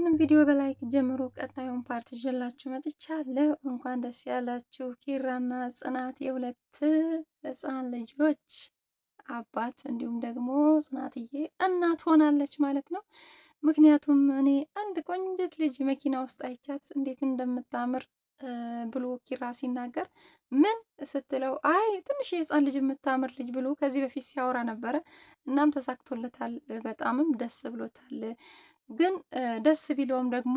ይህንን ቪዲዮ በላይክ ጀምሮ ቀጣዩን ፓርት ይዤላችሁ መጥቻለሁ። እንኳን ደስ ያላችሁ። ኪራና ጽናት የሁለት ህፃን ልጆች አባት እንዲሁም ደግሞ ጽናትዬ እናት ሆናለች ማለት ነው። ምክንያቱም እኔ አንድ ቆንጅት ልጅ መኪና ውስጥ አይቻት እንዴት እንደምታምር ብሎ ኪራ ሲናገር ምን ስትለው አይ ትንሽ የህፃን ልጅ የምታምር ልጅ ብሎ ከዚህ በፊት ሲያወራ ነበረ። እናም ተሳክቶለታል፣ በጣምም ደስ ብሎታል። ግን ደስ ቢለውም ደግሞ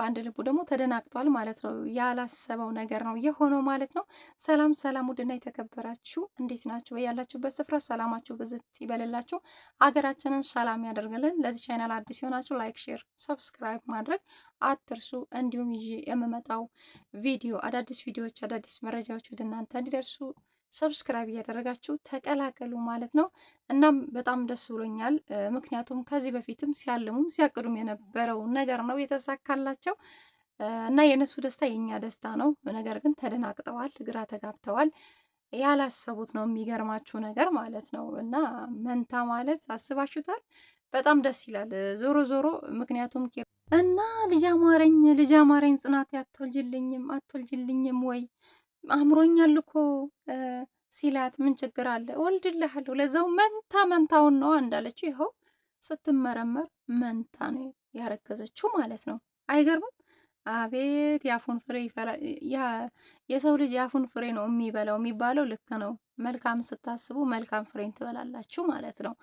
በአንድ ልቡ ደግሞ ተደናግጧል ማለት ነው። ያላሰበው ነገር ነው የሆነው ማለት ነው። ሰላም ሰላም፣ ውድና የተከበራችሁ እንዴት ናችሁ? ያላችሁበት ስፍራ ሰላማችሁ ብዝት ይበልላችሁ፣ አገራችንን ሰላም ያደርግልን። ለዚህ ቻናል አዲስ የሆናችሁ ላይክ፣ ሼር፣ ሰብስክራይብ ማድረግ አትርሱ። እንዲሁም ይዤ የምመጣው ቪዲዮ አዳዲስ ቪዲዮዎች፣ አዳዲስ መረጃዎች ወደ እናንተ እንዲደርሱ ሰብስክራይብ እያደረጋችሁ ተቀላቀሉ ማለት ነው። እናም በጣም ደስ ብሎኛል። ምክንያቱም ከዚህ በፊትም ሲያልሙም ሲያቅዱም የነበረው ነገር ነው የተሳካላቸው እና የእነሱ ደስታ የእኛ ደስታ ነው። ነገር ግን ተደናቅጠዋል ግራ ተጋብተዋል። ያላሰቡት ነው የሚገርማችሁ ነገር ማለት ነው። እና መንታ ማለት አስባችሁታል? በጣም ደስ ይላል። ዞሮ ዞሮ ምክንያቱም እና ልጅ አማረኝ ልጅ አማረኝ ጽናት አትወልጅልኝም አትወልጅልኝም ወይ አምሮኛል እኮ ሲላት ምን ችግር አለ ወልድልሃለሁ፣ ለዛው መንታ መንታውን ነው እንዳለችው ይኸው ስትመረመር መንታ ነው ያረገዘችው ማለት ነው። አይገርምም? አቤት የአፉን ፍሬ ይፈላል። የሰው ልጅ የአፉን ፍሬ ነው የሚበላው የሚባለው ልክ ነው። መልካም ስታስቡ መልካም ፍሬን ትበላላችሁ ማለት ነው።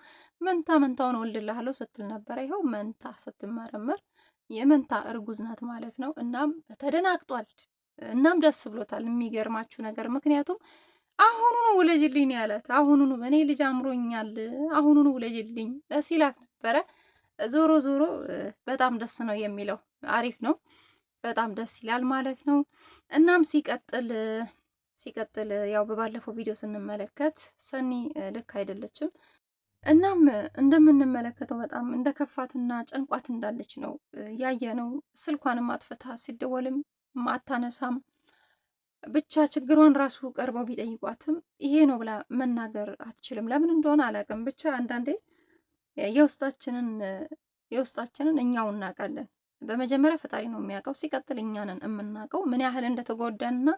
መንታ መንታውን ወልድልሃለሁ ስትል ነበረ። ይኸው መንታ ስትመረመር የመንታ እርጉዝ ናት ማለት ነው። እናም ተደናግጧል። እናም ደስ ብሎታል። የሚገርማችሁ ነገር ምክንያቱም አሁኑኑ ውለጅልኝ ያለት አሁኑ አሁኑኑ እኔ ልጅ አምሮኛል፣ አሁኑኑ ውለጅልኝ ሲላት ነበረ። ዞሮ ዞሮ በጣም ደስ ነው የሚለው አሪፍ ነው። በጣም ደስ ይላል ማለት ነው። እናም ሲቀጥል ሲቀጥል ያው በባለፈው ቪዲዮ ስንመለከት ሰኒ ልክ አይደለችም። እናም እንደምንመለከተው በጣም እንደከፋትና ጨንቋት እንዳለች ነው ያየነው። ስልኳንም አጥፍታ ሲደወልም ማታነሳም ብቻ ችግሯን ራሱ ቀርበው ቢጠይቋትም ይሄ ነው ብላ መናገር አትችልም። ለምን እንደሆነ አላውቅም። ብቻ አንዳንዴ የውስጣችንን የውስጣችንን እኛው እናውቃለን። በመጀመሪያ ፈጣሪ ነው የሚያውቀው፣ ሲቀጥል እኛንን የምናውቀው ምን ያህል እንደተጎዳንና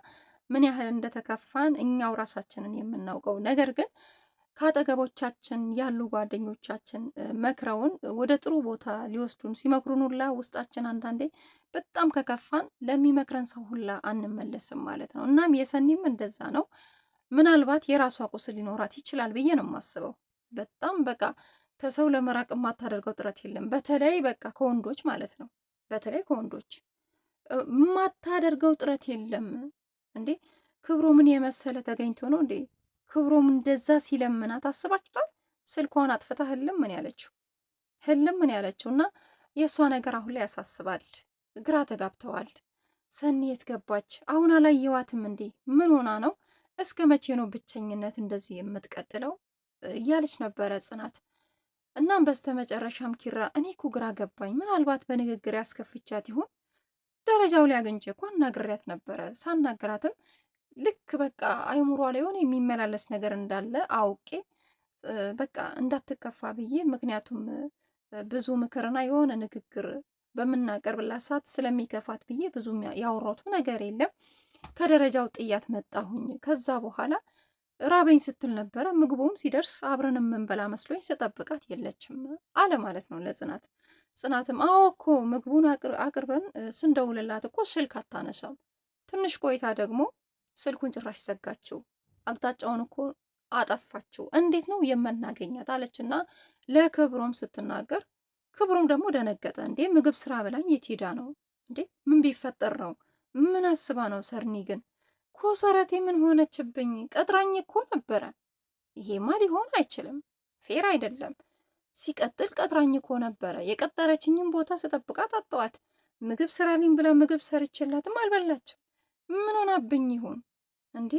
ምን ያህል እንደተከፋን እኛው ራሳችንን የምናውቀው ነገር ግን ከአጠገቦቻችን ያሉ ጓደኞቻችን መክረውን ወደ ጥሩ ቦታ ሊወስዱን ሲመክሩን ሁላ ውስጣችን አንዳንዴ በጣም ከከፋን ለሚመክረን ሰው ሁላ አንመለስም ማለት ነው። እናም የሰኒም እንደዛ ነው። ምናልባት የራሷ ቁስል ሊኖራት ይችላል ብዬ ነው የማስበው። በጣም በቃ ከሰው ለመራቅ የማታደርገው ጥረት የለም። በተለይ በቃ ከወንዶች ማለት ነው። በተለይ ከወንዶች የማታደርገው ጥረት የለም። እንዴ ክብሩ ምን የመሰለ ተገኝቶ ነው እንዴ ክብሮም እንደዛ ሲለምናት አስባችኋል? ስልኳን አጥፍታ ህልም ምን ያለችው ህልም ምን ያለችው እና የእሷ ነገር አሁን ላይ ያሳስባል። ግራ ተጋብተዋል። ሰኒ የት ገባች? አሁን አላየዋትም እንዴ? ምን ሆና ነው? እስከ መቼ ነው ብቸኝነት እንደዚህ የምትቀጥለው? እያለች ነበረ ጽናት። እናም በስተመጨረሻም ኪራ እኔ እኮ ግራ ገባኝ፣ ምናልባት በንግግር ያስከፍቻት ይሆን? ደረጃው ላይ አግኝቼ እኮ አናግሬያት ነበረ። ሳናግራትም ልክ በቃ አይምሯ ላይ ሆነ የሚመላለስ ነገር እንዳለ አውቄ በቃ እንዳትከፋ ብዬ ምክንያቱም ብዙ ምክርና የሆነ ንግግር በምናቀርብላት ሰዓት ስለሚከፋት ብዬ ብዙ ያወራቱ ነገር የለም። ከደረጃው ጥያት መጣሁኝ። ከዛ በኋላ ራበኝ ስትል ነበረ። ምግቡም ሲደርስ አብረን የምንበላ መስሎኝ ስጠብቃት የለችም አለ ማለት ነው ለጽናት። ጽናትም አዎ እኮ ምግቡን አቅርበን ስንደውልላት እኮ ስልክ አታነሳም። ትንሽ ቆይታ ደግሞ ስልኩን ጭራሽ ዘጋችው። አቅጣጫውን እኮ አጠፋችው። እንዴት ነው የምናገኛት አለችና ለክብሮም ስትናገር፣ ክብሮም ደግሞ ደነገጠ። እንዴ ምግብ ስራ ብላኝ የት ሄዳ ነው እንዴ? ምን ቢፈጠር ነው? ምን አስባ ነው? ሰርኒ ግን ኮሰረቴ ምን ሆነችብኝ? ቀጥራኝ እኮ ነበረ። ይሄማ ሊሆን አይችልም፣ ፌር አይደለም። ሲቀጥል ቀጥራኝ እኮ ነበረ። የቀጠረችኝን ቦታ ስጠብቃት አጣዋት። ምግብ ስራልኝ ብላ ምግብ ሰርችላትም አልበላችም። ምን ሆናብኝ ይሆን እንዴ?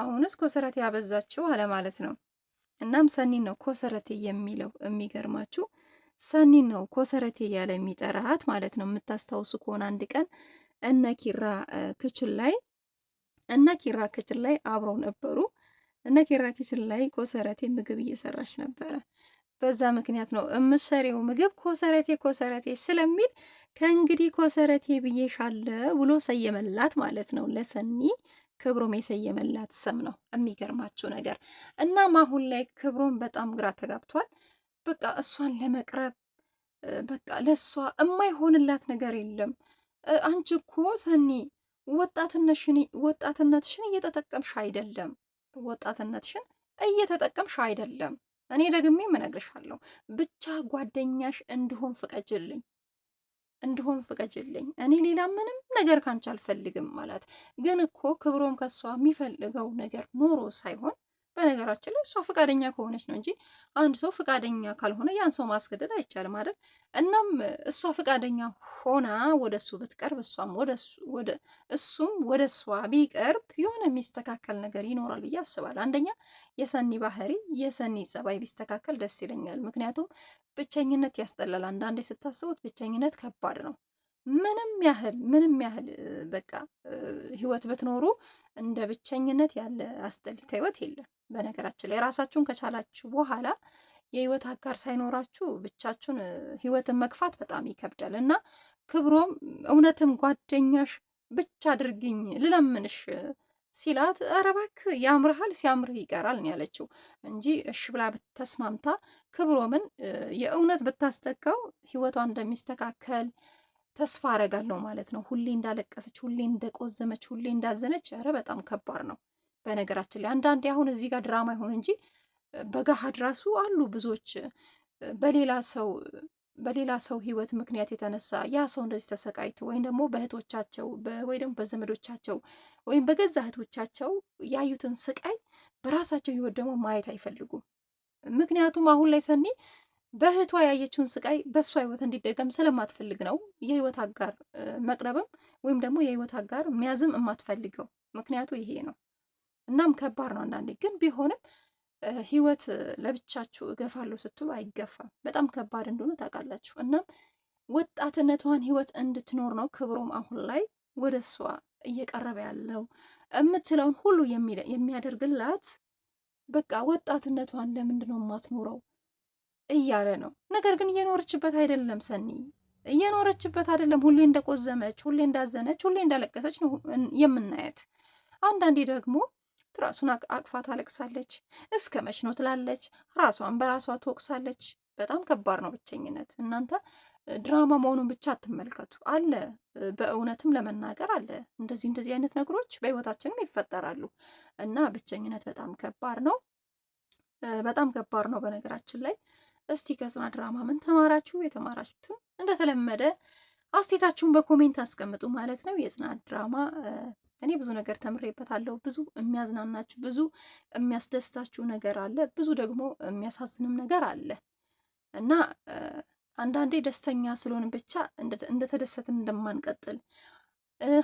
አሁንስ ኮሰረቴ ያበዛችው አለ ማለት ነው። እናም ሰኒን ነው ኮሰረቴ የሚለው የሚገርማችሁ ሰኒን ነው ኮሰረቴ ያለ የሚጠራት ማለት ነው። የምታስታውሱ ከሆነ አንድ ቀን እነ ኪራ ክችል ላይ እነ ኪራ ክችል ላይ አብረው ነበሩ። እነ ኪራ ክችል ላይ ኮሰረቴ ምግብ እየሰራች ነበረ። በዛ ምክንያት ነው እምሰሪው ምግብ ኮሰረቴ ኮሰረቴ ስለሚል ከእንግዲህ ኮሰረቴ ብዬሻለ ብሎ ሰየመላት ማለት ነው። ለሰኒ ክብሮም የሰየመላት ስም ነው። የሚገርማችሁ ነገር እናም አሁን ላይ ክብሮም በጣም ግራ ተጋብቷል። በቃ እሷን ለመቅረብ በቃ ለእሷ የማይሆንላት ነገር የለም። አንቺ እኮ ሰኒ ወጣትነትሽን እየተጠቀምሽ አይደለም፣ ወጣትነትሽን እየተጠቀምሽ አይደለም እኔ ደግሜ እነግርሻለሁ። ብቻ ጓደኛሽ እንድሆን ፍቀጅልኝ እንድሆን ፍቀጅልኝ። እኔ ሌላ ምንም ነገር ካንቺ አልፈልግም ማለት ግን እኮ ክብሮም ከሷ የሚፈልገው ነገር ኖሮ ሳይሆን በነገራችን ላይ እሷ ፈቃደኛ ከሆነች ነው እንጂ አንድ ሰው ፈቃደኛ ካልሆነ ያን ሰው ማስገደድ አይቻልም አይደል? እናም እሷ ፈቃደኛ ሆና ወደ እሱ ብትቀርብ እሷም ወደ እሱም ወደ እሷ ቢቀርብ የሆነ የሚስተካከል ነገር ይኖራል ብዬ አስባለሁ። አንደኛ የሰኒ ባህሪ የሰኒ ጸባይ ቢስተካከል ደስ ይለኛል። ምክንያቱም ብቸኝነት ያስጠላል። አንዳንዴ ስታስቡት ብቸኝነት ከባድ ነው። ምንም ያህል ምንም ያህል በቃ ህይወት ብትኖሩ እንደ ብቸኝነት ያለ አስጠሊታ ህይወት የለም። በነገራችን ላይ ራሳችሁን ከቻላችሁ በኋላ የህይወት አጋር ሳይኖራችሁ ብቻችሁን ህይወትን መግፋት በጣም ይከብዳል እና ክብሮም እውነትም ጓደኛሽ ብቻ አድርግኝ ልለምንሽ ሲላት ኧረ እባክህ ያምርሃል ሲያምርህ ይቀራል ነው ያለችው እንጂ እሽ ብላ ተስማምታ ክብሮምን የእውነት ብታስጠጋው ህይወቷ እንደሚስተካከል ተስፋ አረጋለሁ ማለት ነው። ሁሌ እንዳለቀሰች፣ ሁሌ እንደቆዘመች፣ ሁሌ እንዳዘነች፣ ኧረ በጣም ከባድ ነው። በነገራችን ላይ አንዳንዴ አሁን እዚህ ጋር ድራማ ይሆን እንጂ በገሃድ ራሱ አሉ ብዙዎች በሌላ ሰው በሌላ ሰው ህይወት ምክንያት የተነሳ ያ ሰው እንደዚህ ተሰቃይቶ ወይም ደግሞ በእህቶቻቸው ወይ ደግሞ በዘመዶቻቸው ወይም በገዛ እህቶቻቸው ያዩትን ስቃይ በራሳቸው ህይወት ደግሞ ማየት አይፈልጉም። ምክንያቱም አሁን ላይ ሰኒ በእህቷ ያየችውን ስቃይ በእሷ ህይወት እንዲደገም ስለማትፈልግ ነው የህይወት አጋር መቅረብም ወይም ደግሞ የህይወት አጋር መያዝም የማትፈልገው ምክንያቱ ይሄ ነው። እናም ከባድ ነው አንዳንዴ። ግን ቢሆንም ህይወት ለብቻችሁ እገፋለሁ ስትሉ አይገፋም። በጣም ከባድ እንደሆነ ታውቃላችሁ። እናም ወጣትነቷን ህይወት እንድትኖር ነው ክብሮም አሁን ላይ ወደ እሷ እየቀረበ ያለው የምትለውን ሁሉ የሚያደርግላት በቃ ወጣትነቷን ለምንድን ነው የማትኖረው እያለ ነው። ነገር ግን እየኖረችበት አይደለም ሰኒ እየኖረችበት አይደለም። ሁሌ እንደቆዘመች፣ ሁሌ እንዳዘነች፣ ሁሌ እንዳለቀሰች ነው የምናያት። አንዳንዴ ደግሞ ራሱን አቅፋ ታለቅሳለች። እስከ መች ነው ትላለች። ራሷን በራሷ ትወቅሳለች። በጣም ከባድ ነው ብቸኝነት። እናንተ ድራማ መሆኑን ብቻ አትመልከቱ። አለ በእውነትም ለመናገር አለ እንደዚህ እንደዚህ አይነት ነገሮች በህይወታችንም ይፈጠራሉ እና ብቸኝነት በጣም ከባድ ነው። በጣም ከባድ ነው በነገራችን ላይ እስቲ ከጽና ድራማ ምን ተማራችሁ? የተማራችሁትን እንደተለመደ አስቴታችሁን በኮሜንት አስቀምጡ ማለት ነው። የጽና ድራማ እኔ ብዙ ነገር ተምሬበታለሁ። ብዙ የሚያዝናናችሁ፣ ብዙ የሚያስደስታችሁ ነገር አለ፣ ብዙ ደግሞ የሚያሳዝንም ነገር አለ እና አንዳንዴ ደስተኛ ስለሆን ብቻ እንደተደሰትን እንደማንቀጥል፣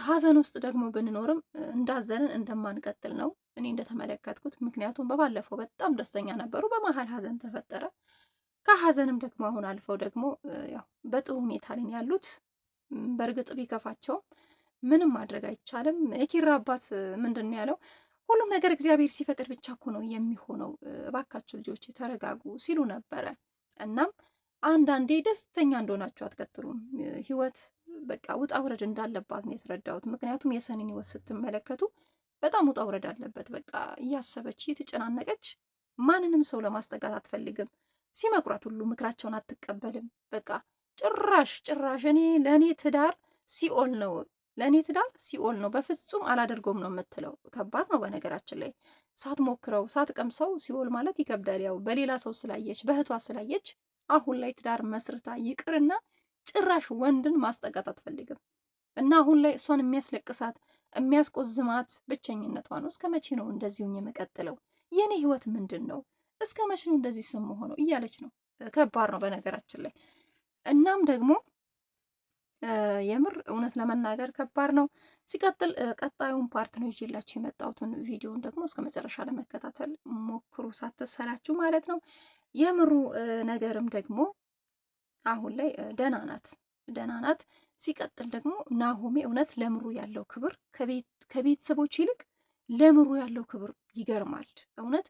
ሀዘን ውስጥ ደግሞ ብንኖርም እንዳዘንን እንደማንቀጥል ነው እኔ እንደተመለከትኩት። ምክንያቱም በባለፈው በጣም ደስተኛ ነበሩ፣ በመሀል ሀዘን ተፈጠረ። ሀዘንም ደግሞ አሁን አልፈው ደግሞ ያው በጥሩ ሁኔታ ላይ ያሉት በእርግጥ ቢከፋቸው ምንም ማድረግ አይቻልም። የኪራ አባት ምንድን ነው ያለው? ሁሉም ነገር እግዚአብሔር ሲፈቅድ ብቻ እኮ ነው የሚሆነው፣ እባካችሁ ልጆች ተረጋጉ ሲሉ ነበረ። እናም አንዳንዴ ደስተኛ እንደሆናችሁ አትቀጥሉም። ህይወት በቃ ውጣ ውረድ እንዳለባት ነው የተረዳሁት። ምክንያቱም የሰኔን ህይወት ስትመለከቱ በጣም ውጣ ውረድ አለበት። በቃ እያሰበች እየተጨናነቀች፣ ማንንም ሰው ለማስጠጋት አትፈልግም። ሲመክሯት ሁሉ ምክራቸውን አትቀበልም። በቃ ጭራሽ ጭራሽ እኔ ለእኔ ትዳር ሲኦል ነው፣ ለእኔ ትዳር ሲኦል ነው፣ በፍጹም አላደርገውም ነው የምትለው። ከባድ ነው በነገራችን ላይ ሳትሞክረው ሳትቀምሰው ሲኦል ማለት ይከብዳል። ያው በሌላ ሰው ስላየች በእህቷ ስላየች አሁን ላይ ትዳር መስርታ ይቅርና ጭራሽ ወንድን ማስጠጋት አትፈልግም። እና አሁን ላይ እሷን የሚያስለቅሳት የሚያስቆዝማት ብቸኝነቷ ነው። እስከ መቼ ነው እንደዚሁኝ የምቀጥለው? የእኔ ህይወት ምንድን ነው? እስከ መቼ ነው እንደዚህ ስም ሆነው እያለች ነው። ከባድ ነው በነገራችን ላይ። እናም ደግሞ የምር እውነት ለመናገር ከባድ ነው። ሲቀጥል ቀጣዩን ፓርት ነው ይዤላችሁ የመጣሁትን ቪዲዮን ደግሞ እስከ መጨረሻ ለመከታተል ሞክሩ ሳትሰላችሁ ማለት ነው። የምሩ ነገርም ደግሞ አሁን ላይ ደህና ናት ደህና ናት። ሲቀጥል ደግሞ ናሆሜ እውነት ለምሩ ያለው ክብር ከቤተሰቦች ይልቅ ለምሩ ያለው ክብር ይገርማል እውነት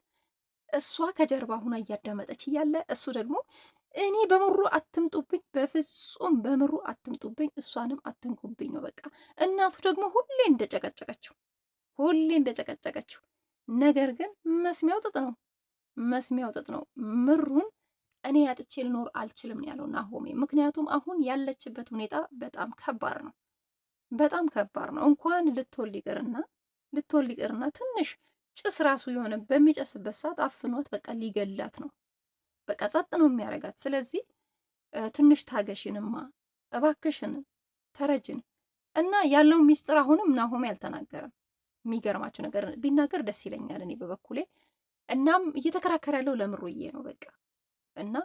እሷ ከጀርባ ሁና እያዳመጠች እያለ እሱ ደግሞ እኔ በምሩ አትምጡብኝ፣ በፍጹም በምሩ አትምጡብኝ፣ እሷንም አትንኩብኝ ነው በቃ። እናቱ ደግሞ ሁሌ እንደጨቀጨቀችው ሁሌ እንደጨቀጨቀችው፣ ነገር ግን መስሚያው ጥጥ ነው፣ መስሚያው ጥጥ ነው። ምሩን እኔ ያጥቼ ልኖር አልችልም ነው ያለው ናሆሜ። ምክንያቱም አሁን ያለችበት ሁኔታ በጣም ከባድ ነው፣ በጣም ከባድ ነው። እንኳን ልትወልድ ይቅርና ልትወልድ ይቅርና ትንሽ ጭስ ራሱ የሆነ በሚጨስበት ሰዓት አፍኗት በቃ ሊገላት ነው። በቃ ጸጥ ነው የሚያረጋት። ስለዚህ ትንሽ ታገሽንማ እባክሽን ተረጅን እና ያለው ሚስጥር አሁንም ናሆም ያልተናገረም የሚገርማቸው ነገር ቢናገር ደስ ይለኛል እኔ በበኩሌ። እናም እየተከራከረ ያለው ለምሩዬ ነው በቃ እና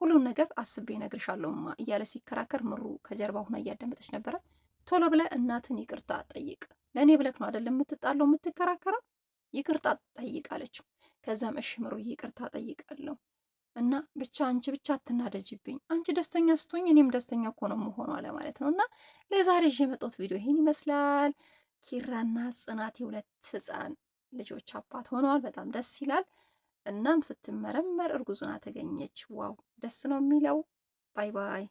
ሁሉን ነገር አስቤ ነግርሻለሁማ እያለ ሲከራከር ምሩ ከጀርባ ሁና እያዳመጠች ነበረ። ቶሎ ብለህ እናትን ይቅርታ ጠይቅ፣ ለእኔ ብለክ ነው አይደለም የምትጣለው የምትከራከረው ይቅርታ ጠይቃለችው። አለችው። ከዛም እሺ ምሩዬ ይቅርታ ጠይቃለሁ እና ብቻ አንቺ ብቻ አትናደጅብኝ፣ አንቺ ደስተኛ ስትሆኝ እኔም ደስተኛ እኮ ነው መሆኑ አለ ማለት ነው። እና ለዛሬ ይዤ የመጣሁት ቪዲዮ ይሄን ይመስላል። ኪራና ጽናት የሁለት ህፃን ልጆች አባት ሆነዋል። በጣም ደስ ይላል። እናም ስትመረመር እርጉዝ ናት ተገኘች። ዋው ደስ ነው የሚለው። ባይ ባይ